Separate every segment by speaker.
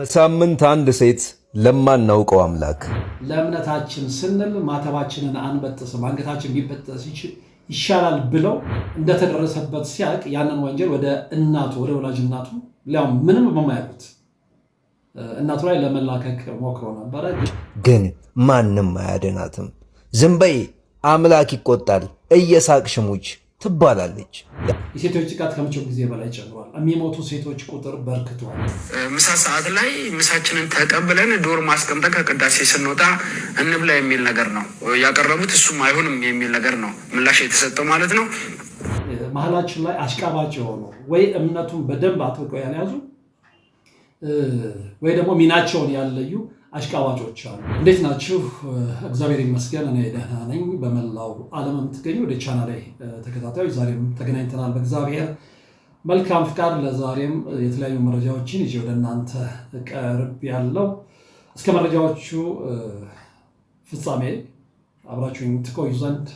Speaker 1: በሳምንት አንድ ሴት ለማናውቀው አምላክ
Speaker 2: ለእምነታችን ስንል ማተባችንን አንበጥስ አንገታችን ቢበጠስ ይሻላል ብለው እንደተደረሰበት ሲያቅ ያንን ወንጀል ወደ እናቱ ወደ ወላጅ እናቱ ሊያውም ምንም በማያውቁት እናቱ ላይ ለመላከክ ሞክሮ ነበረ፣
Speaker 1: ግን ማንም አያደናትም። ዝም በይ አምላክ ይቆጣል፣ እየሳቅሽ ሙች ትባላለች።
Speaker 2: የሴቶች ጥቃት ከምቸው ጊዜ በላይ ጨምሯል። የሚሞቱ ሴቶች ቁጥር በርክቷል።
Speaker 3: ምሳ ሰዓት ላይ ምሳችንን ተቀብለን ዶር ማስቀምጠ ከቅዳሴ ስንወጣ እንብላ የሚል ነገር ነው ያቀረቡት። እሱም አይሆንም የሚል ነገር ነው ምላሽ የተሰጠው ማለት ነው።
Speaker 2: መሀላችን ላይ አሽቃባጭ የሆኑ ወይ እምነቱን በደንብ አጥብቀው ያልያዙ ወይ ደግሞ ሚናቸውን ያለዩ አሽቃባጮች አሉ። እንዴት ናችሁ? እግዚአብሔር ይመስገን እኔ ደህና ነኝ። በመላው ዓለም የምትገኙ ወደ ቻና ላይ ተከታታዮች ዛሬም ተገናኝተናል። በእግዚአብሔር መልካም ፍቃድ ለዛሬም የተለያዩ መረጃዎችን ይዤ ወደ እናንተ ቀርብ ያለው እስከ መረጃዎቹ ፍጻሜ አብራችሁኝ ትቆዩ ዘንድ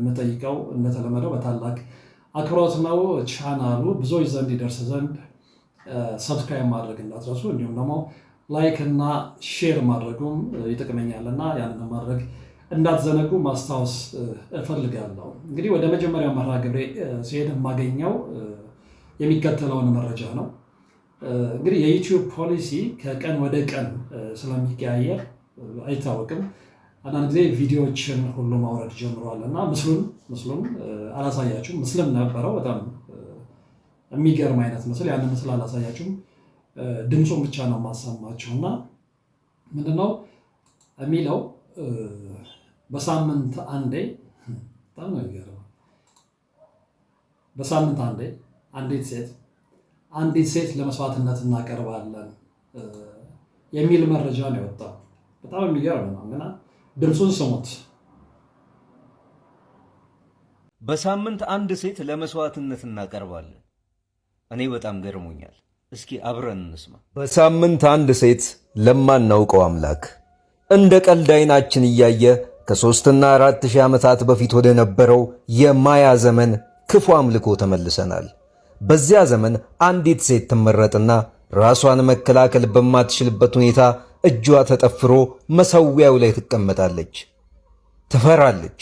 Speaker 2: የምጠይቀው እንደተለመደው በታላቅ አክብሮት ነው። ቻናሉ ብዙዎች ዘንድ ይደርስ ዘንድ ሰብስክራይብ ማድረግ እንዳትረሱ እንዲሁም ደግሞ ላይክ እና ሼር ማድረጉም ይጠቅመኛል እና ያንን ማድረግ እንዳትዘነጉ ማስታወስ እፈልጋለሁ። እንግዲህ ወደ መጀመሪያው መርሃ ግብሬ ሲሄድ የማገኘው የሚከተለውን መረጃ ነው። እንግዲህ የዩቲዩብ ፖሊሲ ከቀን ወደ ቀን ስለሚቀያየር አይታወቅም። አንዳንድ ጊዜ ቪዲዮዎችን ሁሉ ማውረድ ጀምረዋል እና ምስሉን ምስሉም አላሳያችሁም። ምስልም ነበረው በጣም የሚገርም አይነት ምስል፣ ያንን ምስል አላሳያችሁም። ድምፁን ብቻ ነው የማሰማቸው እና ምንድነው የሚለው በሳምንት አንዴ በጣም ነው የሚገርመው። በሳምንት አንዴ አንዲት ሴት አንዲት ሴት ለመስዋዕትነት እናቀርባለን የሚል መረጃ ነው የወጣው። በጣም የሚገርም ነው ግና ድምፁን ስሙት።
Speaker 1: በሳምንት አንድ ሴት ለመስዋዕትነት እናቀርባለን። እኔ በጣም ገርሞኛል። እስኪ አብረን እንስማ። በሳምንት አንድ ሴት ለማናውቀው አምላክ እንደ ቀልድ አይናችን እያየ ከሦስትና አራት ሺህ ዓመታት በፊት ወደ ነበረው የማያ ዘመን ክፉ አምልኮ ተመልሰናል። በዚያ ዘመን አንዲት ሴት ትመረጥና ራሷን መከላከል በማትችልበት ሁኔታ እጇ ተጠፍሮ መሠዊያው ላይ ትቀመጣለች። ትፈራለች፣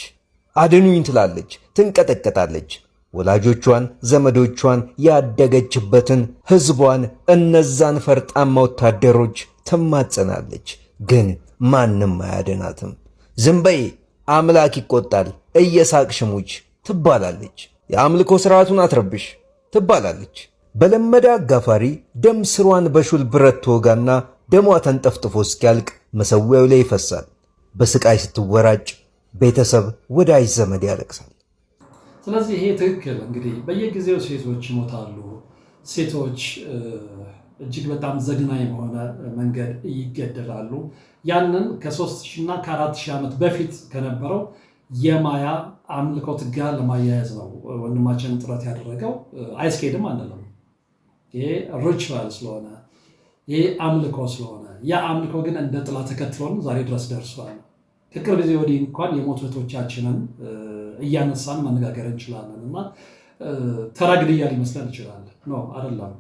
Speaker 1: አድኑኝ ትላለች፣ ትንቀጠቀጣለች። ወላጆቿን፣ ዘመዶቿን፣ ያደገችበትን ሕዝቧን፣ እነዛን ፈርጣማ ወታደሮች ትማጸናለች። ግን ማንም አያድናትም። ዝም በይ አምላክ ይቆጣል፣ እየሳቅሽ ሙች ትባላለች። የአምልኮ ሥርዓቱን አትረብሽ ትባላለች። በለመደ አጋፋሪ ደም ስሯን በሹል ብረት ትወጋና ደሟ ተንጠፍጥፎ እስኪያልቅ መሠዊያው ላይ ይፈሳል። በስቃይ ስትወራጭ ቤተሰብ፣ ወዳጅ ዘመድ ያለቅሳል።
Speaker 2: ስለዚህ ይሄ ትክክል እንግዲህ በየጊዜው ሴቶች ይሞታሉ። ሴቶች እጅግ በጣም ዘግናኝ በሆነ መንገድ ይገደላሉ። ያንን ከሶስት ሺህ እና ከአራት ሺህ ዓመት በፊት ከነበረው የማያ አምልኮት ጋር ለማያያዝ ነው ወንድማችን ጥረት ያደረገው። አይስኬድም አንለም። ይሄ ሪቹዋል ስለሆነ ይሄ አምልኮ ስለሆነ ያ አምልኮ ግን እንደ ጥላ ተከትሎን ዛሬ ድረስ ደርሷል። ከቅርብ ጊዜ ወዲህ እንኳን የሞት እህቶቻችንን እያነሳን መነጋገር እንችላለን እና ተራ ግድያ ሊመስለን ይችላል። ኖ አይደለም።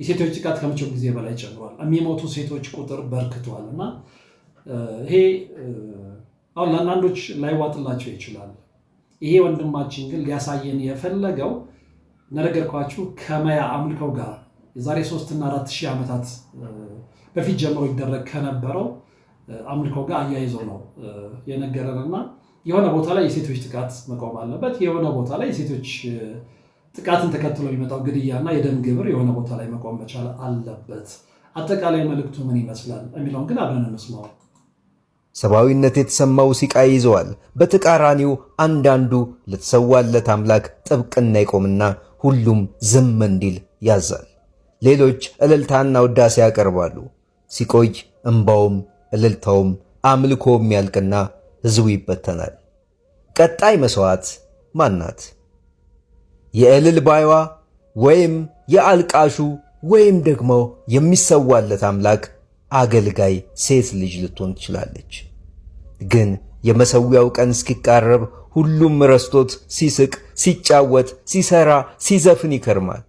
Speaker 2: የሴቶች ጥቃት ከመቼው ጊዜ በላይ ጨምሯል። የሚሞቱ ሴቶች ቁጥር በርክቷል እና ይሄ አሁን ለአንዳንዶች ላይዋጥላቸው ይችላል። ይሄ ወንድማችን ግን ሊያሳየን የፈለገው እንደነገርኳችሁ ከማያ አምልከው ጋር የዛሬ ሶስትና አራት ሺህ ዓመታት በፊት ጀምሮ ይደረግ ከነበረው አምልኮ ጋር አያይዞ ነው የነገረን የሆነ ቦታ ላይ የሴቶች ጥቃት መቆም አለበት። የሆነ ቦታ ላይ የሴቶች ጥቃትን ተከትሎ የሚመጣው ግድያና የደም ግብር የሆነ ቦታ ላይ መቆም መቻል አለበት። አጠቃላይ መልእክቱ ምን ይመስላል የሚለውን ግን አብረን እንስማው።
Speaker 1: ሰብአዊነት የተሰማው ሲቃይ ይዘዋል። በተቃራኒው አንዳንዱ ለተሰዋለት አምላክ ጥብቅና ይቆምና ሁሉም ዝም እንዲል ያዛል። ሌሎች እልልታና ውዳሴ ያቀርባሉ። ሲቆይ እምባውም እልልታውም አምልኮውም ያልቅና ሕዝቡ ይበተናል። ቀጣይ መሥዋዕት ማናት? የእልል ባይዋ ወይም የአልቃሹ ወይም ደግሞ የሚሰዋለት አምላክ አገልጋይ ሴት ልጅ ልትሆን ትችላለች። ግን የመሠዊያው ቀን እስኪቃረብ ሁሉም ረስቶት ሲስቅ፣ ሲጫወት፣ ሲሰራ፣ ሲዘፍን ይከርማል።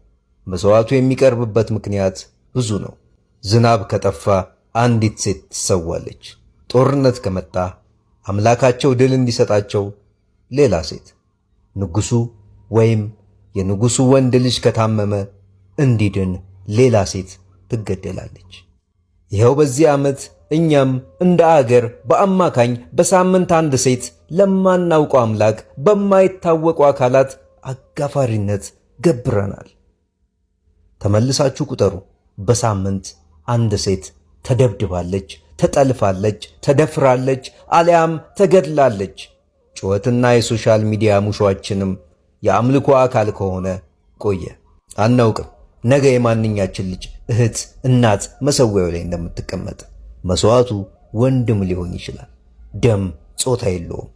Speaker 1: መሥዋዕቱ የሚቀርብበት ምክንያት ብዙ ነው። ዝናብ ከጠፋ አንዲት ሴት ትሰዋለች። ጦርነት ከመጣ አምላካቸው ድል እንዲሰጣቸው ሌላ ሴት፣ ንጉሡ ወይም የንጉሡ ወንድ ልጅ ከታመመ እንዲድን ሌላ ሴት ትገደላለች። ይኸው በዚህ ዓመት እኛም እንደ አገር በአማካኝ በሳምንት አንድ ሴት ለማናውቀው አምላክ በማይታወቁ አካላት አጋፋሪነት ገብረናል። ተመልሳችሁ ቁጠሩ። በሳምንት አንድ ሴት ተደብድባለች፣ ተጠልፋለች፣ ተደፍራለች፣ አሊያም ተገድላለች። ጩኸትና የሶሻል ሚዲያ ሙሿችንም የአምልኮ አካል ከሆነ ቆየ። አናውቅም ነገ የማንኛችን ልጅ እህት፣ እናት መሰዊያው ላይ እንደምትቀመጥ። መሥዋዕቱ ወንድም ሊሆን ይችላል። ደም ጾታ የለውም።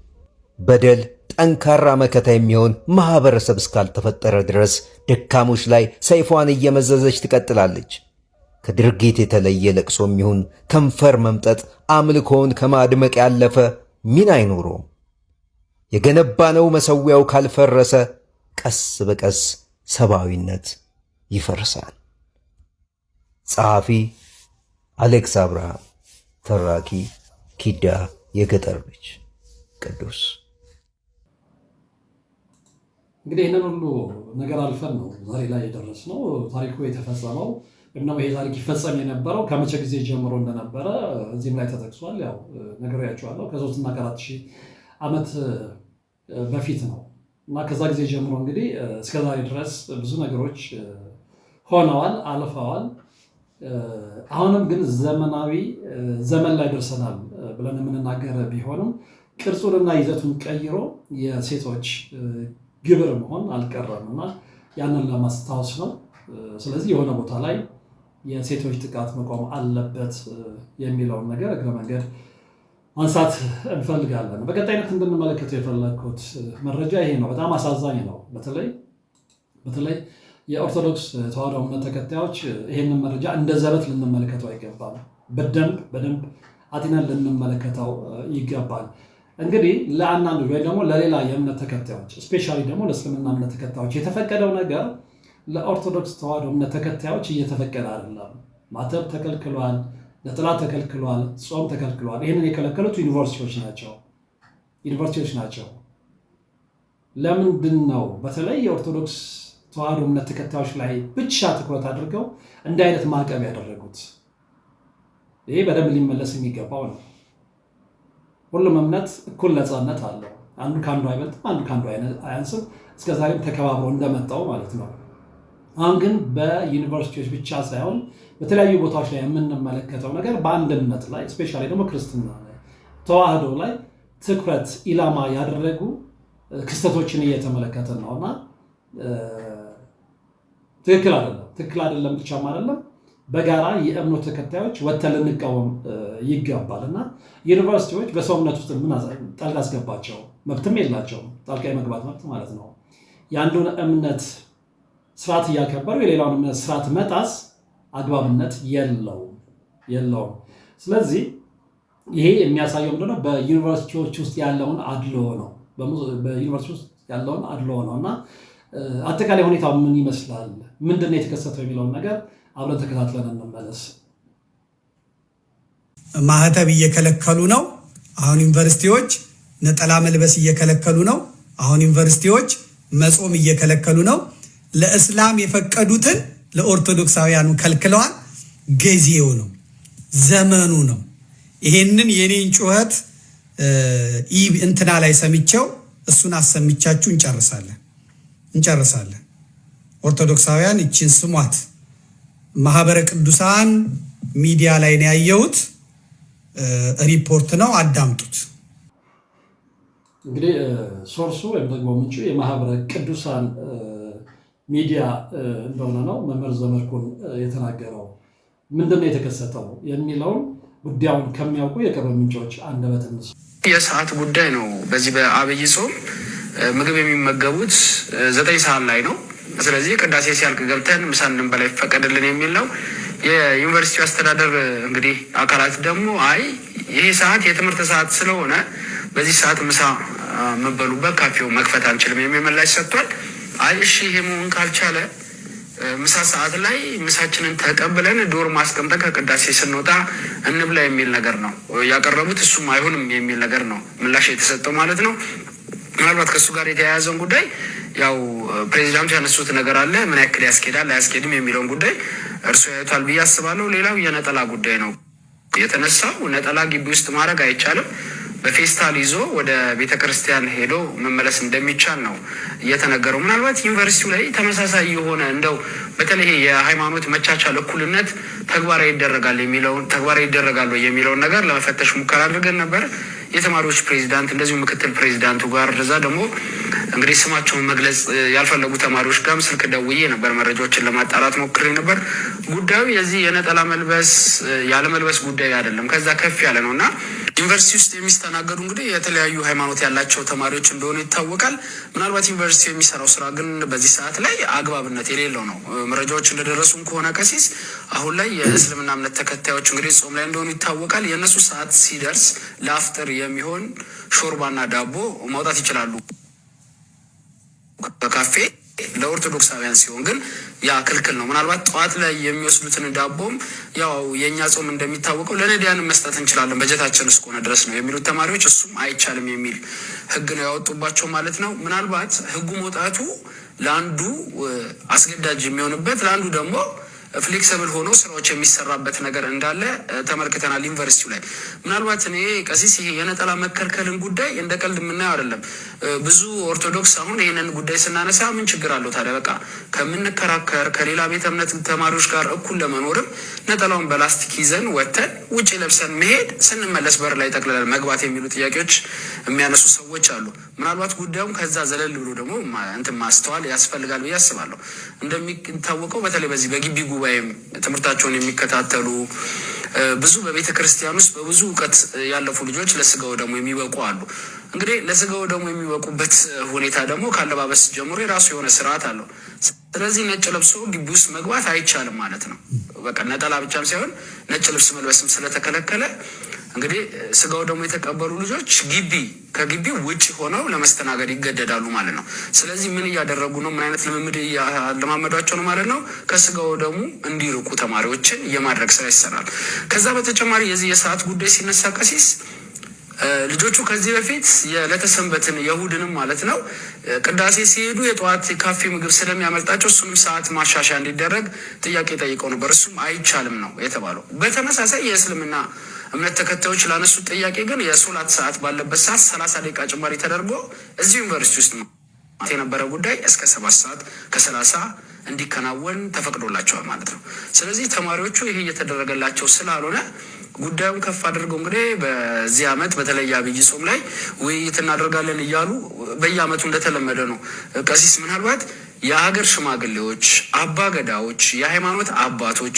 Speaker 1: በደል ጠንካራ መከታ የሚሆን ማኅበረሰብ እስካልተፈጠረ ድረስ ደካሞች ላይ ሰይፏን እየመዘዘች ትቀጥላለች። ከድርጊት የተለየ ለቅሶ የሚሆን ከንፈር መምጠጥ አምልኮውን ከማድመቅ ያለፈ ሚና አይኖረውም። የገነባነው መሠዊያው ካልፈረሰ ቀስ በቀስ ሰብአዊነት ይፈርሳል። ጸሐፊ አሌክስ አብርሃም፣ ተራኪ ኪዳ የገጠር ልጅ ቅዱስ።
Speaker 2: እንግዲህ ይህንን ሁሉ ነገር አልፈን ነው ዛሬ ላይ የደረስነው። ታሪኩ የተፈጸመው እና ይሄ ታሪክ ይፈጸም የነበረው ከመቼ ጊዜ ጀምሮ እንደነበረ እዚህም ላይ ተጠቅሷል። ያው ነግሬያቸዋለሁ። ከሶስት እና ከአራት ሺህ ዓመት በፊት ነው እና ከዛ ጊዜ ጀምሮ እንግዲህ እስከዛሬ ድረስ ብዙ ነገሮች ሆነዋል፣ አልፈዋል። አሁንም ግን ዘመናዊ ዘመን ላይ ደርሰናል ብለን የምንናገር ቢሆንም ቅርጹንና ይዘቱን ቀይሮ የሴቶች ግብር መሆን አልቀረም እና ያንን ለማስታወስ ነው። ስለዚህ የሆነ ቦታ ላይ የሴቶች ጥቃት መቆም አለበት የሚለውን ነገር እግረ መንገድ ማንሳት እንፈልጋለን። በቀጣይነት እንድንመለከተው የፈለግኩት መረጃ ይሄ ነው። በጣም አሳዛኝ ነው። በተለይ በተለይ የኦርቶዶክስ ተዋህዶ እምነት ተከታዮች ይህንን መረጃ እንደ ዘበት ልንመለከተው አይገባም። በደንብ በደንብ አጢነን ልንመለከተው ይገባል። እንግዲህ ለአንዳንዶች ወይ ደግሞ ለሌላ የእምነት ተከታዮች እስፔሻሊ ደግሞ ለእስልምና እምነት ተከታዮች የተፈቀደው ነገር ለኦርቶዶክስ ተዋህዶ እምነት ተከታዮች እየተፈቀደ አይደለም። ማተብ ተከልክሏል፣ ነጠላ ተከልክሏል፣ ጾም ተከልክሏል። ይህንን የከለከሉት ዩኒቨርሲቲዎች ናቸው ዩኒቨርሲቲዎች ናቸው። ለምንድን ነው በተለይ የኦርቶዶክስ ተዋህዶ እምነት ተከታዮች ላይ ብቻ ትኩረት አድርገው እንዲህ አይነት ማዕቀብ ያደረጉት? ይሄ በደንብ ሊመለስ የሚገባው ነው። ሁሉም እምነት እኩል ነፃነት አለው። አንዱ ከአንዱ አይበልጥም፣ አንዱ ከአንዱ አያንስም። እስከዛሬም ተከባብሮ እንደመጣው ማለት ነው። አሁን ግን በዩኒቨርሲቲዎች ብቻ ሳይሆን በተለያዩ ቦታዎች ላይ የምንመለከተው ነገር በአንድነት ላይ እስፔሻሊ ደግሞ ክርስትና ላይ ተዋህዶ ላይ ትኩረት ኢላማ ያደረጉ ክስተቶችን እየተመለከተ ነው እና ትክክል አይደለም። ትክክል አይደለም ብቻም አይደለም፣ በጋራ የእምኖ ተከታዮች ወጥተን ልንቃወም ይገባል እና ዩኒቨርሲቲዎች በሰውነት ውስጥ ምን ጣልቃ አስገባቸው? መብትም የላቸውም። ጣልቃ የመግባት መብት ማለት ነው። የአንዱን እምነት ስርዓት እያከበሩ የሌላውን እምነት ስርዓት መጣስ አግባብነት የለውም የለውም። ስለዚህ ይሄ የሚያሳየው ምንድነው? በዩኒቨርሲቲዎች ውስጥ ያለውን አድሎ ነው። በዩኒቨርሲቲ ውስጥ ያለውን አድሎ ነው እና አጠቃላይ ሁኔታው ምን ይመስላል፣ ምንድነው የተከሰተው የሚለውን ነገር አብረን ተከታትለን እንመለስ።
Speaker 1: ማህተብ እየከለከሉ ነው። አሁን ዩኒቨርሲቲዎች ነጠላ መልበስ እየከለከሉ ነው። አሁን ዩኒቨርሲቲዎች መጾም እየከለከሉ ነው። ለእስላም የፈቀዱትን ለኦርቶዶክሳውያኑ ከልክለዋል። ጊዜው ነው፣ ዘመኑ ነው። ይሄንን የኔን ጩኸት እንትና ላይ ሰምቼው እሱን አሰምቻችሁ እንጨርሳለን እንጨርሳለን። ኦርቶዶክሳውያን ይችን ስሟት። ማህበረ ቅዱሳን ሚዲያ ላይ ነው ያየሁት ሪፖርት ነው፣ አዳምጡት።
Speaker 2: እንግዲህ ሶርሱ ወይም ደግሞ ምንጩ የማህበረ ቅዱሳን ሚዲያ እንደሆነ ነው መምህር ዘመድኩን የተናገረው። ምንድን የተከሰተው የሚለውን ጉዳዩን ከሚያውቁ የቅርብ ምንጮች አንደበት እንስ
Speaker 3: የሰዓት ጉዳይ ነው። በዚህ በአብይ ጾም ምግብ የሚመገቡት ዘጠኝ ሰዓት ላይ ነው። ስለዚህ ቅዳሴ ሲያልቅ ገብተን ምሳ እንድንበላ ይፈቀድልን የሚል ነው። የዩኒቨርሲቲ አስተዳደር እንግዲህ አካላት ደግሞ አይ ይሄ ሰዓት የትምህርት ሰዓት ስለሆነ በዚህ ሰዓት ምሳ የምበሉበት ካፌው መክፈት አንችልም የሚል ምላሽ ሰጥቷል። አይ እሺ ይሄ መሆን ካልቻለ ምሳ ሰዓት ላይ ምሳችንን ተቀብለን ዶር ማስቀምጠን ከቅዳሴ ስንወጣ እንብላ የሚል ነገር ነው ያቀረቡት። እሱም አይሆንም የሚል ነገር ነው ምላሽ የተሰጠው ማለት ነው። ምናልባት ከእሱ ጋር የተያያዘውን ጉዳይ ያው ፕሬዚዳንቱ ያነሱት ነገር አለ። ምን ያክል ያስኬዳል አያስኬድም የሚለውን ጉዳይ እርሱ ያዩታል ብዬ አስባለሁ። ሌላው የነጠላ ጉዳይ ነው የተነሳው። ነጠላ ግቢ ውስጥ ማድረግ አይቻልም። በፌስታል ይዞ ወደ ቤተ ክርስቲያን ሄዶ መመለስ እንደሚቻል ነው እየተነገረው። ምናልባት ዩኒቨርሲቲው ላይ ተመሳሳይ የሆነ እንደው በተለይ የሃይማኖት መቻቻል፣ እኩልነት ተግባራዊ ይደረጋል የሚለውን ተግባራዊ ይደረጋሉ የሚለውን ነገር ለመፈተሽ ሙከራ አድርገን ነበር የተማሪዎች ፕሬዚዳንት እንደዚሁ ምክትል ፕሬዚዳንቱ ጋር እዛ ደግሞ እንግዲህ ስማቸውን መግለጽ ያልፈለጉ ተማሪዎች ጋርም ስልክ ደውዬ ነበር። መረጃዎችን ለማጣራት ሞክሬ ነበር። ጉዳዩ የዚህ የነጠላ መልበስ ያለመልበስ ጉዳይ አይደለም፣ ከዛ ከፍ ያለ ነው እና ዩኒቨርሲቲ ውስጥ የሚስተናገዱ እንግዲህ የተለያዩ ሃይማኖት ያላቸው ተማሪዎች እንደሆኑ ይታወቃል። ምናልባት ዩኒቨርሲቲ የሚሰራው ስራ ግን በዚህ ሰዓት ላይ አግባብነት የሌለው ነው። መረጃዎች እንደደረሱም ከሆነ ቀሲስ አሁን ላይ የእስልምና እምነት ተከታዮች እንግዲህ ጾም ላይ እንደሆኑ ይታወቃል። የእነሱ ሰዓት ሲደርስ ለአፍጥር የሚሆን ሾርባና ዳቦ ማውጣት ይችላሉ ከካፌ ለኦርቶዶክሳውያን ሲሆን ግን ያ ክልክል ነው። ምናልባት ጠዋት ላይ የሚወስዱትን ዳቦም ያው የእኛ ጾም እንደሚታወቀው ለነዳያን መስጠት እንችላለን በጀታችን እስከሆነ ድረስ ነው የሚሉት ተማሪዎች፣ እሱም አይቻልም የሚል ህግ ነው ያወጡባቸው ማለት ነው። ምናልባት ህጉ መውጣቱ ለአንዱ አስገዳጅ የሚሆንበት ለአንዱ ደግሞ ፍሌክሰብል ሆኖ ስራዎች የሚሰራበት ነገር እንዳለ ተመልክተናል። ዩኒቨርሲቲው ላይ ምናልባት እኔ ቀሲስ ይሄ የነጠላ መከልከልን ጉዳይ እንደ ቀልድ የምናየው አይደለም። ብዙ ኦርቶዶክስ አሁን ይህንን ጉዳይ ስናነሳ ምን ችግር አለው ታዲያ? በቃ ከምንከራከር ከሌላ ቤተ እምነት ተማሪዎች ጋር እኩል ለመኖርም ነጠላውን በላስቲክ ይዘን ወተን ውጭ ለብሰን መሄድ ስንመለስ በር ላይ ጠቅልለን መግባት የሚሉ ጥያቄዎች የሚያነሱ ሰዎች አሉ። ምናልባት ጉዳዩም ከዛ ዘለል ብሎ ደግሞ እንትን ማስተዋል ያስፈልጋል ብዬ አስባለሁ። እንደሚታወቀው በተለይ በዚህ በግቢ ጉባኤም ትምህርታቸውን የሚከታተሉ ብዙ በቤተ ክርስቲያን ውስጥ በብዙ እውቀት ያለፉ ልጆች ለስጋው ደግሞ የሚበቁ አሉ። እንግዲህ ለስጋው ደግሞ የሚበቁበት ሁኔታ ደግሞ ከአለባበስ ጀምሮ የራሱ የሆነ ስርዓት አለው። ስለዚህ ነጭ ለብሶ ግቢ ውስጥ መግባት አይቻልም ማለት ነው። በቃ ነጠላ ብቻም ሳይሆን ነጭ ልብስ መልበስም ስለተከለከለ እንግዲህ ስጋው ደግሞ የተቀበሉ ልጆች ግቢ ከግቢ ውጭ ሆነው ለመስተናገድ ይገደዳሉ ማለት ነው። ስለዚህ ምን እያደረጉ ነው? ምን አይነት ልምምድ እያለማመዷቸው ነው ማለት ነው? ከስጋው ደግሞ እንዲርቁ ተማሪዎችን የማድረግ ስራ ይሰራል። ከዛ በተጨማሪ የዚህ የሰዓት ጉዳይ ሲነሳ ቀሲስ ልጆቹ ከዚህ በፊት የዕለተ ሰንበትን የእሁድንም ማለት ነው ቅዳሴ ሲሄዱ የጠዋት ካፌ ምግብ ስለሚያመልጣቸው እሱንም ሰዓት ማሻሻያ እንዲደረግ ጥያቄ ጠይቀው ነበር። እሱም አይቻልም ነው የተባለው። በተመሳሳይ የእስልምና እምነት ተከታዮች ላነሱት ጥያቄ ግን የሶላት ሰዓት ባለበት ሰዓት ሰላሳ ደቂቃ ጭማሪ ተደርጎ እዚህ ዩኒቨርሲቲ ውስጥ የነበረ ጉዳይ እስከ ሰባት ሰዓት ከሰላሳ እንዲከናወን ተፈቅዶላቸዋል ማለት ነው። ስለዚህ ተማሪዎቹ ይሄ እየተደረገላቸው ስላልሆነ ጉዳዩን ከፍ አድርገው እንግዲህ በዚህ ዓመት በተለይ አብይ ጾም ላይ ውይይት እናደርጋለን እያሉ በየዓመቱ እንደተለመደ ነው። ቀሲስ ምናልባት የሀገር ሽማግሌዎች፣ አባ ገዳዎች፣ የሃይማኖት አባቶች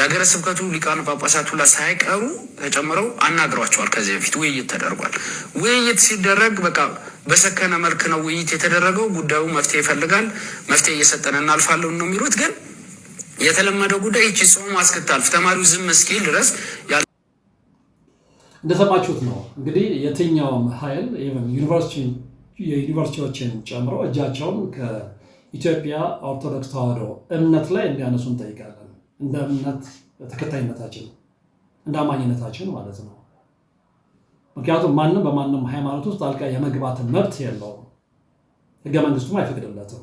Speaker 3: የሀገረ ስብከቱ ሊቃነ ጳጳሳት ሁላ ሳይቀሩ ተጨምረው አናግሯቸዋል። ከዚህ በፊት ውይይት ተደርጓል። ውይይት ሲደረግ በቃ በሰከነ መልክ ነው ውይይት የተደረገው። ጉዳዩ መፍትሄ ይፈልጋል። መፍትሄ እየሰጠን እናልፋለን ነው የሚሉት። ግን የተለመደው ጉዳይ ይቺ ጽሁም አስክታልፍ ተማሪው ዝም እስኪል ድረስ
Speaker 2: እንደሰማችሁት ነው። እንግዲህ የትኛውም ኃይል የዩኒቨርሲቲዎችን ጨምሮ እጃቸውን ከኢትዮጵያ ኦርቶዶክስ ተዋህዶ እምነት ላይ እንዲያነሱ እንጠይቃለን። እንደ እምነት ተከታይነታችን እንደ አማኝነታችን ማለት ነው። ምክንያቱም ማንም በማንም ሃይማኖት ውስጥ ጣልቃ የመግባት መብት የለውም፣ ህገ መንግስቱም አይፈቅድለትም።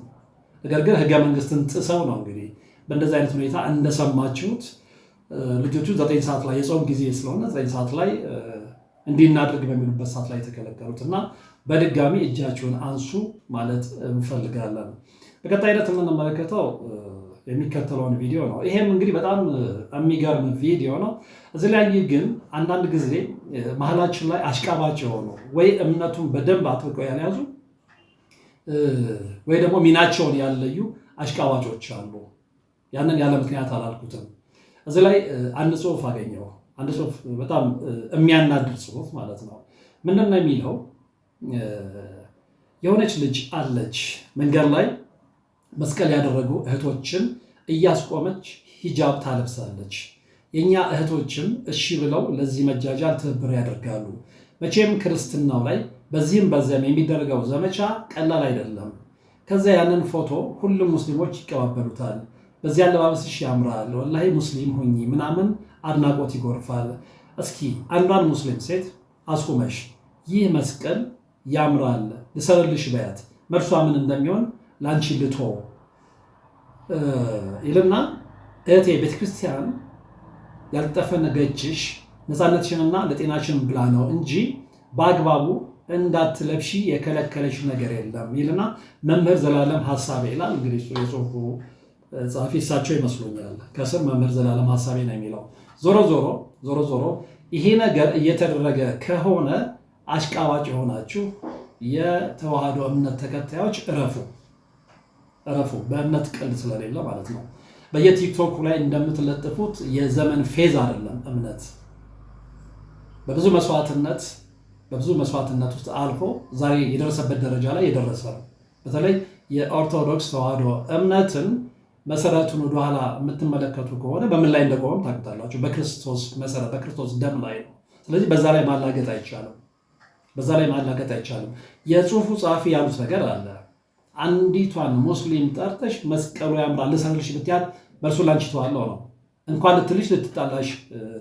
Speaker 2: ነገር ግን ህገ መንግስትን ጥሰው ነው እንግዲህ በእንደዚህ አይነት ሁኔታ እንደሰማችሁት ልጆቹ ዘጠኝ ሰዓት ላይ የጾም ጊዜ ስለሆነ ዘጠኝ ሰዓት ላይ እንዲናድርግ በሚሉበት ሰዓት ላይ የተከለከሉት እና በድጋሚ እጃችሁን አንሱ ማለት እንፈልጋለን። በቀጣይነት የምንመለከተው የሚከተለውን ቪዲዮ ነው። ይሄም እንግዲህ በጣም የሚገርም ቪዲዮ ነው። እዚህ ላይ ግን አንዳንድ ጊዜ መሀላችን ላይ አሽቃባጭ የሆኑ ወይ እምነቱን በደንብ አጥብቀው ያልያዙ ወይ ደግሞ ሚናቸውን ያለዩ አሽቃባጮች አሉ። ያንን ያለ ምክንያት አላልኩትም። እዚህ ላይ አንድ ጽሁፍ አገኘው። አንድ ጽሁፍ በጣም የሚያናድር ጽሁፍ ማለት ነው። ምንድን ነው የሚለው? የሆነች ልጅ አለች መንገድ ላይ መስቀል ያደረጉ እህቶችን እያስቆመች ሂጃብ ታለብሳለች። የእኛ እህቶችም እሺ ብለው ለዚህ መጃጃል ትብብር ያደርጋሉ። መቼም ክርስትናው ላይ በዚህም በዚያም የሚደረገው ዘመቻ ቀላል አይደለም። ከዚያ ያንን ፎቶ ሁሉም ሙስሊሞች ይቀባበሉታል። በዚህ አለባበስሽ ያምራል፣ ወላሂ ሙስሊም ሁኚ ምናምን አድናቆት ይጎርፋል። እስኪ አንዷን ሙስሊም ሴት አስቁመሽ ይህ መስቀል ያምራል ልሰርልሽ በያት፣ መርሷ ምን እንደሚሆን ለአንቺ ልቶ ይልና እህቴ ቤተክርስቲያን ያልተጠፈነ ገጭሽ ነፃነትሽንና ለጤናሽን ብላ ነው እንጂ በአግባቡ እንዳትለብሺ የከለከለሽ ነገር የለም ይልና መምህር ዘላለም ሀሳቤ ይላል። እንግዲህ የጽሁፉ ጸሐፊ እሳቸው ይመስሉኛል። ከስር መምህር ዘላለም ሀሳቤ ነው የሚለው። ዞሮ ዞሮ ዞሮ ዞሮ ይሄ ነገር እየተደረገ ከሆነ አሽቃባጭ የሆናችሁ የተዋህዶ እምነት ተከታዮች እረፉ። እረፉ። በእምነት ቀልድ ስለሌለ ማለት ነው። በየቲክቶኩ ላይ እንደምትለጥፉት የዘመን ፌዝ አይደለም እምነት። በብዙ መስዋዕትነት በብዙ መስዋዕትነት ውስጥ አልፎ ዛሬ የደረሰበት ደረጃ ላይ የደረሰ ነው። በተለይ የኦርቶዶክስ ተዋህዶ እምነትን መሰረቱን ወደኋላ የምትመለከቱ ከሆነ በምን ላይ እንደቆመም ታውቃላችሁ። በክርስቶስ መሰረት በክርስቶስ ደም ላይ ነው። ስለዚህ በዛ ላይ ማላገጥ አይቻልም። በዛ ላይ ማላገጥ አይቻልም። የጽሁፉ ጸሐፊ ያሉት ነገር አለ አንዲቷን ሙስሊም ጠርተሽ መስቀሉ ያምራል ልሰርልሽ ብትያት በእርሱ ላንቺ ተዋለው ነው እንኳን ልትልሽ ልትጣላሽ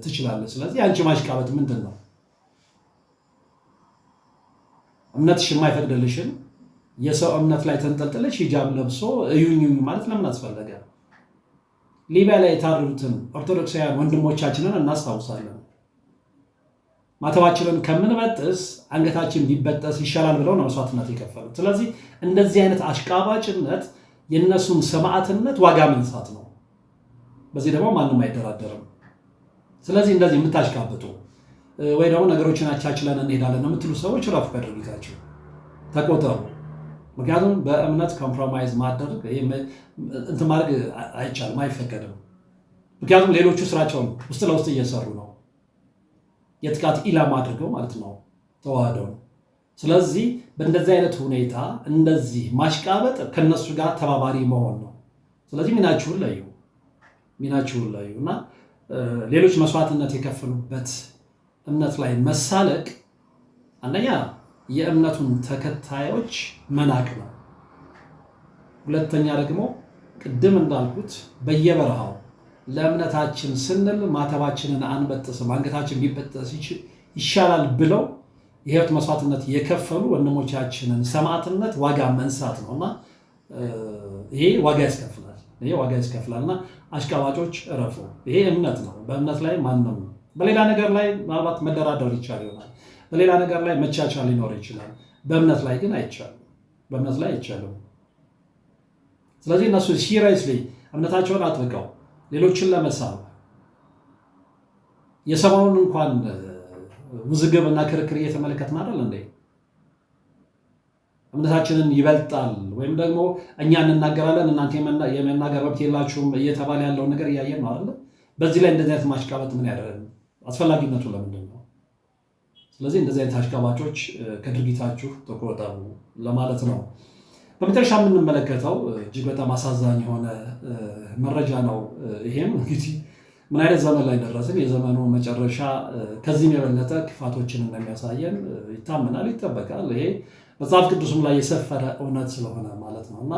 Speaker 2: ትችላለች። ስለዚህ አንቺ ማሽቃበት ምንድን ነው? እምነትሽ የማይፈቅድልሽን የሰው እምነት ላይ ተንጠልጥለሽ ሂጃብ ለብሶ እዩኝ ማለት ለምን አስፈለገ? ሊቢያ ላይ የታረዱትን ኦርቶዶክሳውያን ወንድሞቻችንን እናስታውሳለን። ማተባችንን ከምንበጥስ አንገታችን ቢበጠስ ይሻላል ብለው ነው መስዋዕትነት የከፈሉት። ስለዚህ እንደዚህ አይነት አሽቃባጭነት የእነሱን ሰማዕትነት ዋጋ መንሳት ነው። በዚህ ደግሞ ማንም አይደራደርም። ስለዚህ እንደዚህ የምታሽቃብጡ ወይ ደግሞ ነገሮችን አቻችለን እንሄዳለን የምትሉ ሰዎች ረፍ ከድርጊታችሁ ተቆጠሩ። ምክንያቱም በእምነት ኮምፕሮማይዝ ማድረግ እንትን ማድረግ አይቻልም፣ አይፈቀድም። ምክንያቱም ሌሎቹ ስራቸውን ውስጥ ለውስጥ እየሰሩ ነው። የጥቃት ኢላማ አድርገው ማለት ነው ተዋህዶ። ስለዚህ በእንደዚህ አይነት ሁኔታ እንደዚህ ማሽቃበጥ ከነሱ ጋር ተባባሪ መሆን ነው። ስለዚህ ሚናችሁን ለዩ፣ ሚናችሁን ለዩ እና ሌሎች መስዋዕትነት የከፈሉበት እምነት ላይ መሳለቅ አንደኛ የእምነቱን ተከታዮች መናቅ ነው። ሁለተኛ ደግሞ ቅድም እንዳልኩት በየበረሃው ለእምነታችን ስንል ማተባችንን አንበጥስም፣ አንገታችን ቢበጠስ ይሻላል ብለው የህይወት መስዋዕትነት የከፈሉ ወንድሞቻችንን ሰማዕትነት ዋጋ መንሳት ነው እና ይሄ ዋጋ ያስከፍላል። ይሄ ዋጋ ያስከፍላል እና አሽቃባጮች እረፉ። ይሄ እምነት ነው። በእምነት ላይ ማንም በሌላ ነገር ላይ ምናልባት መደራደር ይቻል ይሆናል። በሌላ ነገር ላይ መቻቻል ሊኖር ይችላል። በእምነት ላይ ግን አይቻልም። በእምነት ላይ አይቻልም። ስለዚህ እነሱ ሲሪየስሊ እምነታቸውን አጥብቀው ሌሎችን ለመሳብ የሰሞኑን እንኳን ውዝግብ እና ክርክር እየተመለከትን አይደል እንደ እምነታችንን ይበልጣል ወይም ደግሞ እኛ እንናገራለን እናንተ የመናገር መብት የላችሁም እየተባለ ያለውን ነገር እያየን ነው አይደለ? በዚህ ላይ እንደዚህ አይነት ማሽቃበጥ ምን ያደረግ አስፈላጊነቱ ለምንድን ነው? ስለዚህ እንደዚህ አይነት አሽቃባጮች ከድርጊታችሁ ተቆጠቡ ለማለት ነው። በመጨረሻ የምንመለከተው እጅግ በጣም አሳዛኝ የሆነ መረጃ ነው። ይሄም እንግዲህ ምን አይነት ዘመን ላይ ደረስን። የዘመኑ መጨረሻ ከዚህም የበለጠ ክፋቶችን እንደሚያሳየን ይታመናል፣ ይጠበቃል። ይሄ መጽሐፍ ቅዱስም ላይ የሰፈረ እውነት ስለሆነ ማለት ነው እና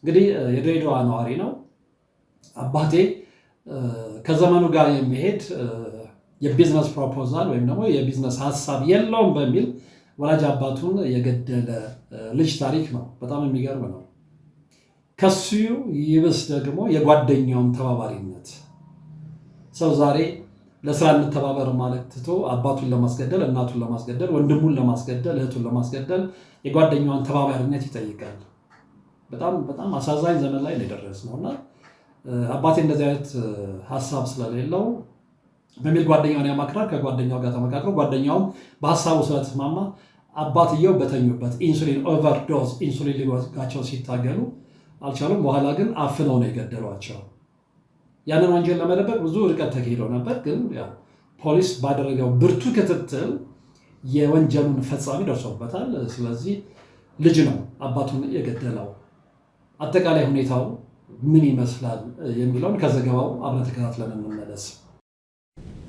Speaker 2: እንግዲህ የድሬዳዋ ነዋሪ ነው አባቴ ከዘመኑ ጋር የሚሄድ የቢዝነስ ፕሮፖዛል ወይም ደግሞ የቢዝነስ ሀሳብ የለውም በሚል ወላጅ አባቱን የገደለ ልጅ ታሪክ ነው። በጣም የሚገርም ነው። ከሱ ይብስ ደግሞ የጓደኛውን ተባባሪነት ሰው ዛሬ ለስራ እንተባበር ማለት ትቶ አባቱን ለማስገደል፣ እናቱን ለማስገደል፣ ወንድሙን ለማስገደል፣ እህቱን ለማስገደል የጓደኛዋን ተባባሪነት ይጠይቃል። በጣም በጣም አሳዛኝ ዘመን ላይ ነው የደረስነው እና አባቴ እንደዚህ አይነት ሀሳብ ስለሌለው በሚል ጓደኛውን ያማክራል። ከጓደኛው ጋር ተመካክሮ ጓደኛውም በሀሳቡ ስለተስማማ አባትየው በተኙበት ኢንሱሊን ኦቨርዶዝ ኢንሱሊን ሊወጋቸው ሲታገሉ አልቻሉም። በኋላ ግን አፍነው ነው የገደሏቸው። ያንን ወንጀል ለመደበቅ ብዙ ርቀት ተካሂደው ነበር። ግን ፖሊስ ባደረገው ብርቱ ክትትል የወንጀሉን ፈጻሚ ደርሶበታል። ስለዚህ ልጅ ነው አባቱን የገደለው። አጠቃላይ ሁኔታው ምን ይመስላል የሚለውን ከዘገባው አብረን ተከታትለን እንመለስ።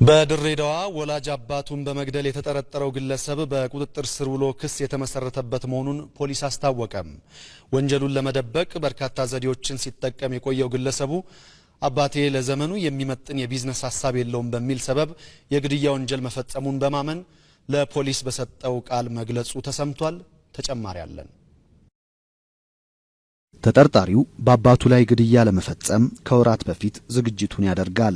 Speaker 4: በድሬዳዋ ወላጅ አባቱን በመግደል የተጠረጠረው ግለሰብ በቁጥጥር ስር ውሎ ክስ የተመሰረተበት መሆኑን ፖሊስ አስታወቀም። ወንጀሉን ለመደበቅ በርካታ ዘዴዎችን ሲጠቀም የቆየው ግለሰቡ አባቴ ለዘመኑ የሚመጥን የቢዝነስ ሀሳብ የለውም በሚል ሰበብ የግድያ ወንጀል መፈጸሙን በማመን ለፖሊስ በሰጠው ቃል መግለጹ ተሰምቷል። ተጨማሪ አለን። ተጠርጣሪው በአባቱ ላይ ግድያ ለመፈጸም ከወራት በፊት ዝግጅቱን ያደርጋል።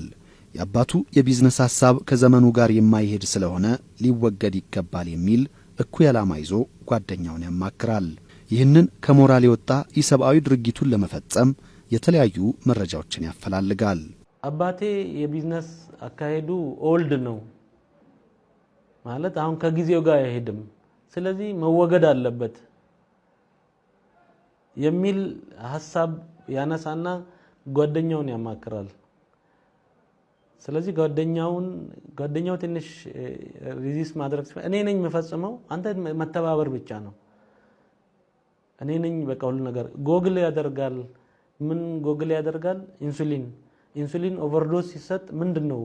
Speaker 4: የአባቱ የቢዝነስ ሐሳብ ከዘመኑ ጋር የማይሄድ ስለሆነ ሊወገድ ይገባል የሚል እኩይ ዓላማ ይዞ ጓደኛውን ያማክራል። ይህንን ከሞራል የወጣ ኢሰብአዊ ድርጊቱን ለመፈጸም የተለያዩ መረጃዎችን ያፈላልጋል።
Speaker 5: አባቴ የቢዝነስ አካሄዱ ኦልድ ነው ማለት አሁን ከጊዜው ጋር አይሄድም፣ ስለዚህ መወገድ አለበት የሚል ሀሳብ ያነሳና ጓደኛውን ያማክራል። ስለዚህ ጓደኛውን ጓደኛው ትንሽ ሪዚስት ማድረግ እኔ ነኝ የምፈጽመው አንተ መተባበር ብቻ ነው። እኔ ነኝ በቃ ሁሉ ነገር ጎግል ያደርጋል። ምን ጎግል ያደርጋል? ኢንሱሊን ኢንሱሊን ኦቨርዶስ ሲሰጥ ምንድን ነው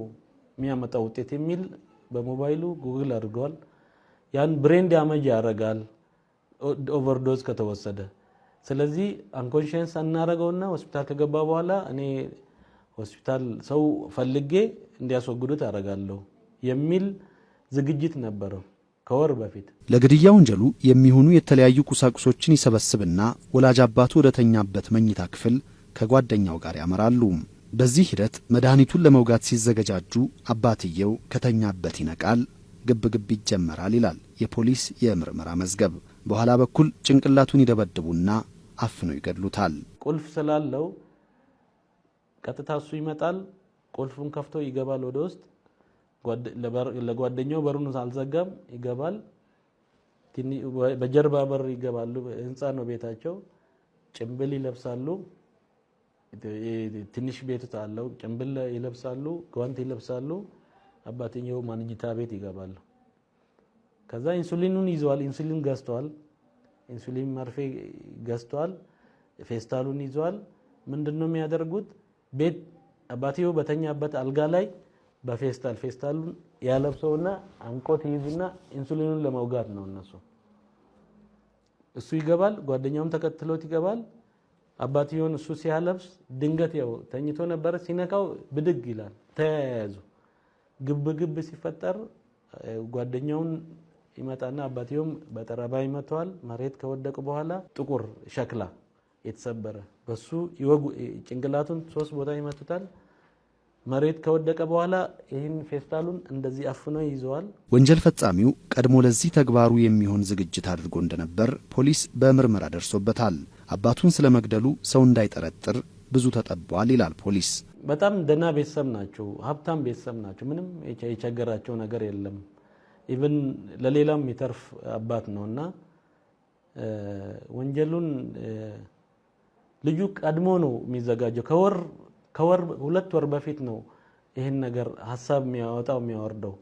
Speaker 5: የሚያመጣ ውጤት የሚል በሞባይሉ ጉግል አድርገዋል። ያን ብሬን ዳሜጅ ያደርጋል ኦቨርዶዝ ከተወሰደ። ስለዚህ አንኮንሽንስ እናደርገውና ሆስፒታል ከገባ በኋላ እኔ ሆስፒታል ሰው ፈልጌ እንዲያስወግዱት ያደርጋለሁ የሚል ዝግጅት ነበረው። ከወር በፊት
Speaker 4: ለግድያ ወንጀሉ የሚሆኑ የተለያዩ ቁሳቁሶችን ይሰበስብና ወላጅ አባቱ ወደ ተኛበት መኝታ ክፍል ከጓደኛው ጋር ያመራሉ። በዚህ ሂደት መድኃኒቱን ለመውጋት ሲዘገጃጁ አባትየው ከተኛበት ይነቃል፣ ግብግብ ይጀመራል ይላል የፖሊስ የምርመራ መዝገብ። በኋላ በኩል ጭንቅላቱን ይደበድቡና አፍነው ይገድሉታል።
Speaker 5: ቁልፍ ስላለው ቀጥታ እሱ ይመጣል፣ ቁልፉን ከፍቶ ይገባል ወደ ውስጥ። ለጓደኛው በሩን አልዘጋም፣ ይገባል። በጀርባ በር ይገባሉ። ህንፃ ነው ቤታቸው። ጭምብል ይለብሳሉ። ትንሽ ቤት አለው። ጭንብል ይለብሳሉ፣ ጓንት ይለብሳሉ። አባትየው ማንጅታ ቤት ይገባሉ። ከዛ ኢንሱሊኑን ይዘዋል። ኢንሱሊን ገዝቷል። ኢንሱሊን መርፌ ገዝቷል። ፌስታሉን ይዘዋል። ነው የሚያደርጉት? ቤት አባትዮ በተኛበት አልጋ ላይ በፌስታል ፌስታሉን ያለብሰውና አንቆት ይይዝና ኢንሱሊኑን ለመውጋት ነው እነሱ። እሱ ይገባል፣ ጓደኛውም ተከትሎት ይገባል። አባትዮን እሱ ሲያለብስ ድንገት ያው ተኝቶ ነበረ፣ ሲነካው ብድግ ይላል። ተያያዙ። ግብ ግብ ሲፈጠር ጓደኛውን ይመጣና አባትዮም በጠረባ ይመተዋል። መሬት ከወደቁ በኋላ ጥቁር ሸክላ የተሰበረ በሱ ጭንቅላቱን ሶስት ቦታ ይመቱታል። መሬት ከወደቀ በኋላ ይህን ፌስታሉን እንደዚህ አፍኖ ይዘዋል።
Speaker 4: ወንጀል ፈጻሚው ቀድሞ ለዚህ ተግባሩ የሚሆን ዝግጅት አድርጎ እንደነበር ፖሊስ በምርመራ ደርሶበታል። አባቱን ስለመግደሉ ሰው እንዳይጠረጥር ብዙ ተጠቧል ይላል ፖሊስ።
Speaker 5: በጣም ደህና ቤተሰብ ናቸው፣ ሀብታም ቤተሰብ ናቸው። ምንም የቸገራቸው ነገር የለም። ኢቭን ለሌላም የሚተርፍ አባት ነው እና ወንጀሉን ልጁ ቀድሞ ነው የሚዘጋጀው። ከወር ከወር ሁለት ወር በፊት ነው ይህን ነገር ሀሳብ የሚያወጣው የሚያወርደው።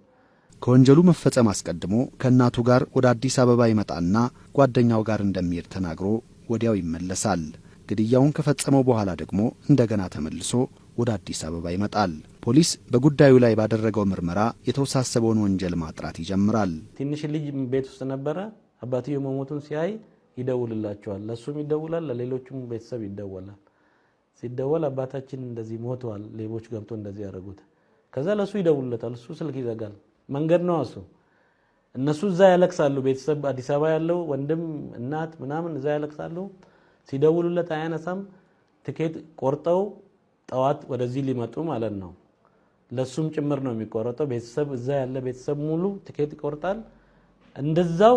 Speaker 4: ከወንጀሉ መፈጸም አስቀድሞ ከእናቱ ጋር ወደ አዲስ አበባ ይመጣና ጓደኛው ጋር እንደሚሄድ ተናግሮ ወዲያው ይመለሳል። ግድያውን ከፈጸመው በኋላ ደግሞ እንደገና ተመልሶ ወደ አዲስ አበባ ይመጣል። ፖሊስ በጉዳዩ ላይ ባደረገው ምርመራ የተወሳሰበውን ወንጀል ማጥራት ይጀምራል።
Speaker 5: ትንሽ ልጅ ቤት ውስጥ ነበረ። አባትዮ መሞቱን ሲያይ ይደውልላቸዋል። ለሱም ይደውላል፣ ለሌሎችም ቤተሰብ ይደወላል። ሲደወል አባታችን እንደዚህ ሞተዋል፣ ሌቦች ገብቶ እንደዚህ ያደረጉት፣ ከዛ ለሱ ይደውልለታል። እሱ ስልክ ይዘጋል። መንገድ ነው እሱ። እነሱ እዛ ያለቅሳሉ። ቤተሰብ አዲስ አበባ ያለው ወንድም እናት ምናምን እዛ ያለቅሳሉ። ሲደውሉለት አያነሳም። ትኬት ቆርጠው ጠዋት ወደዚህ ሊመጡ ማለት ነው። ለሱም ጭምር ነው የሚቆረጠው። ቤተሰብ እዛ ያለ ቤተሰብ ሙሉ ትኬት ይቆርጣል እንደዛው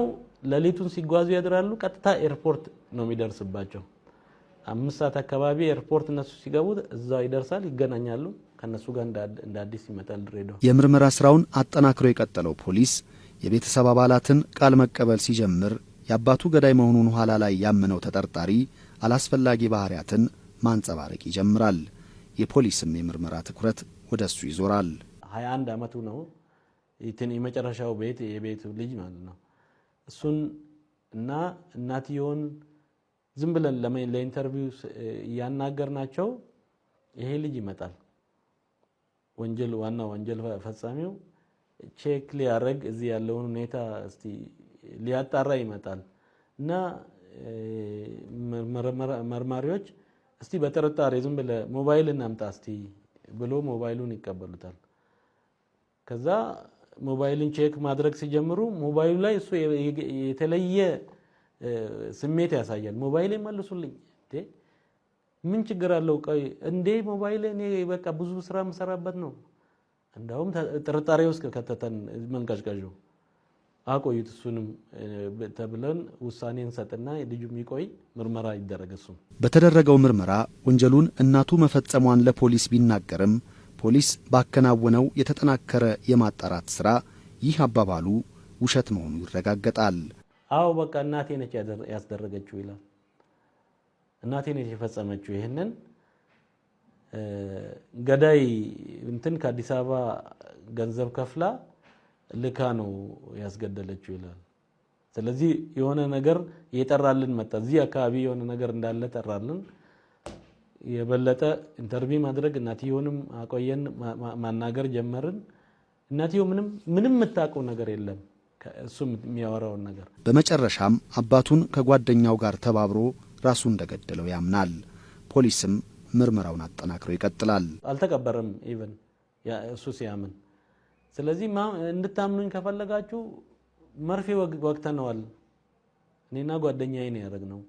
Speaker 5: ሌሊቱን ሲጓዙ ያድራሉ። ቀጥታ ኤርፖርት ነው የሚደርስባቸው። አምስት ሰዓት አካባቢ ኤርፖርት እነሱ ሲገቡ እዛው ይደርሳል፣ ይገናኛሉ ከነሱ ጋር እንደ አዲስ ይመጣል ድሬዳዋ።
Speaker 4: የምርመራ ስራውን አጠናክሮ የቀጠለው ፖሊስ የቤተሰብ አባላትን ቃል መቀበል ሲጀምር የአባቱ ገዳይ መሆኑን ኋላ ላይ ያመነው ተጠርጣሪ አላስፈላጊ ባህሪያትን ማንጸባረቅ ይጀምራል። የፖሊስም የምርመራ ትኩረት ወደ እሱ ይዞራል።
Speaker 5: 21 ዓመቱ ነው። የመጨረሻው ቤት የቤቱ ልጅ ማለት ነው። እሱን እና እናትየውን ዝም ብለን ለኢንተርቪው እያናገርናቸው ይሄ ልጅ ይመጣል። ወንጀል ዋና ወንጀል ፈጻሚው ቼክ ሊያደርግ እዚህ ያለውን ሁኔታ እስቲ ሊያጣራ ይመጣል እና መርማሪዎች እስቲ በጥርጣሬ ዝም ብለህ ሞባይል እናምጣ እስቲ ብሎ ሞባይሉን ይቀበሉታል ከዛ ሞባይልን ቼክ ማድረግ ሲጀምሩ ሞባይሉ ላይ እሱ የተለየ ስሜት ያሳያል። ሞባይል መልሱልኝ፣ ምን ችግር አለው? ቆይ እንዴ ሞባይል እኔ በቃ ብዙ ስራ የምሰራበት ነው። እንዳውም ጥርጣሬ ውስጥ ከተተን መንቀዥቀዥ አቆዩት እሱንም ተብለን ውሳኔ እንሰጥና ልጁ የሚቆይ ምርመራ ይደረግ። እሱም
Speaker 4: በተደረገው ምርመራ ወንጀሉን እናቱ መፈጸሟን ለፖሊስ ቢናገርም ፖሊስ ባከናወነው የተጠናከረ የማጣራት ስራ ይህ አባባሉ ውሸት መሆኑ ይረጋገጣል።
Speaker 5: አዎ በቃ እናቴ ነች ያስደረገችው ይላል። እናቴ ነች የፈጸመችው። ይህንን ገዳይ እንትን ከአዲስ አበባ ገንዘብ ከፍላ ልካ ነው ያስገደለችው ይላል። ስለዚህ የሆነ ነገር የጠራልን መጣ። እዚህ አካባቢ የሆነ ነገር እንዳለ ጠራልን። የበለጠ ኢንተርቪ ማድረግ እናትየውንም አቆየን፣ ማናገር ጀመርን። እናትየው ምንም ምንም የምታውቀው ነገር የለም እሱ የሚያወራውን ነገር።
Speaker 4: በመጨረሻም አባቱን ከጓደኛው ጋር ተባብሮ ራሱ እንደገደለው ያምናል። ፖሊስም ምርመራውን አጠናክሮ ይቀጥላል።
Speaker 5: አልተቀበረም ኢቨን እሱ ሲያምን። ስለዚህ እንድታምኑኝ ከፈለጋችሁ መርፌ ወቅተነዋል። እኔና ጓደኛዬ ነው ያደረግነው።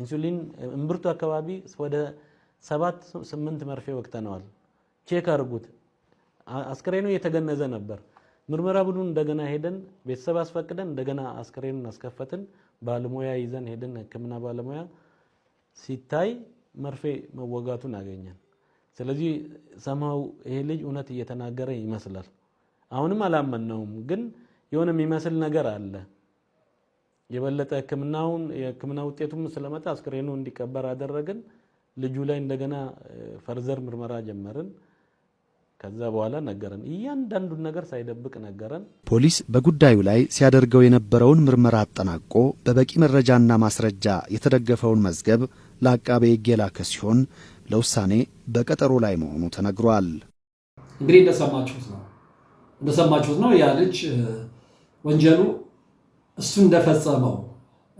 Speaker 5: ኢንሱሊን እምብርቱ አካባቢ ወደ ሰባት ስምንት መርፌ ወቅተነዋል። ቼክ አድርጉት። አስክሬኑ የተገነዘ ነበር። ምርመራ ቡድኑ እንደገና ሄደን ቤተሰብ አስፈቅደን እንደገና አስክሬኑን አስከፈትን። ባለሙያ ይዘን ሄደን ሕክምና ባለሙያ ሲታይ መርፌ መወጋቱን አገኘን። ስለዚህ ሰማው ይሄ ልጅ እውነት እየተናገረ ይመስላል። አሁንም አላመነውም፣ ግን የሆነ የሚመስል ነገር አለ። የበለጠ ሕክምናውን የሕክምና ውጤቱም ስለመጣ አስክሬኑ እንዲቀበር አደረግን። ልጁ ላይ እንደገና ፈርዘር ምርመራ ጀመርን። ከዛ በኋላ ነገረን። እያንዳንዱን ነገር ሳይደብቅ ነገረን።
Speaker 4: ፖሊስ በጉዳዩ ላይ ሲያደርገው የነበረውን ምርመራ አጠናቆ በበቂ መረጃና ማስረጃ የተደገፈውን መዝገብ ለአቃቤ ሕግ የላከ ሲሆን ለውሳኔ በቀጠሮ ላይ መሆኑ ተነግሯል።
Speaker 2: እንግዲህ እንደሰማችሁት ነው እንደሰማችሁት ነው ያ ልጅ ወንጀሉ እሱ እንደፈጸመው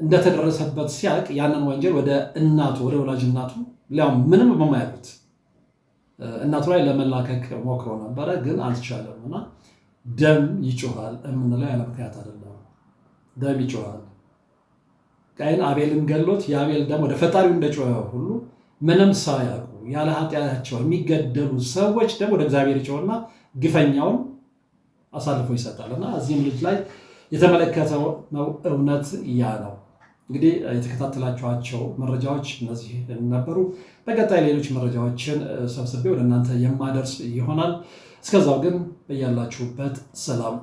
Speaker 2: እንደተደረሰበት ሲያቅ ያንን ወንጀል ወደ እናቱ ወደ ወላጅ እናቱ ሊያውም ምንም በማያውቁት እናቱ ላይ ለመላከክ ሞክሮ ነበረ፣ ግን አልቻለም። እና ደም ይጮኋል የምንለው ያለ ምክንያት አይደለም። ደም ይጮኋል። ቃይን አቤልን ገሎት የአቤል ደም ወደ ፈጣሪው እንደጮኸ ሁሉ ምንም ሳያውቁ ያለ ኃጢአታቸው የሚገደሉ ሰዎች ደግሞ ወደ እግዚአብሔር ይጮህና ግፈኛውን አሳልፎ ይሰጣል። እና እዚህም ልጅ ላይ የተመለከተው ነው እውነት ያ ነው። እንግዲህ የተከታተላችኋቸው መረጃዎች እነዚህ ነበሩ። በቀጣይ ሌሎች መረጃዎችን ሰብስቤ ወደ እናንተ የማደርስ ይሆናል። እስከዛው ግን በያላችሁበት ሰላም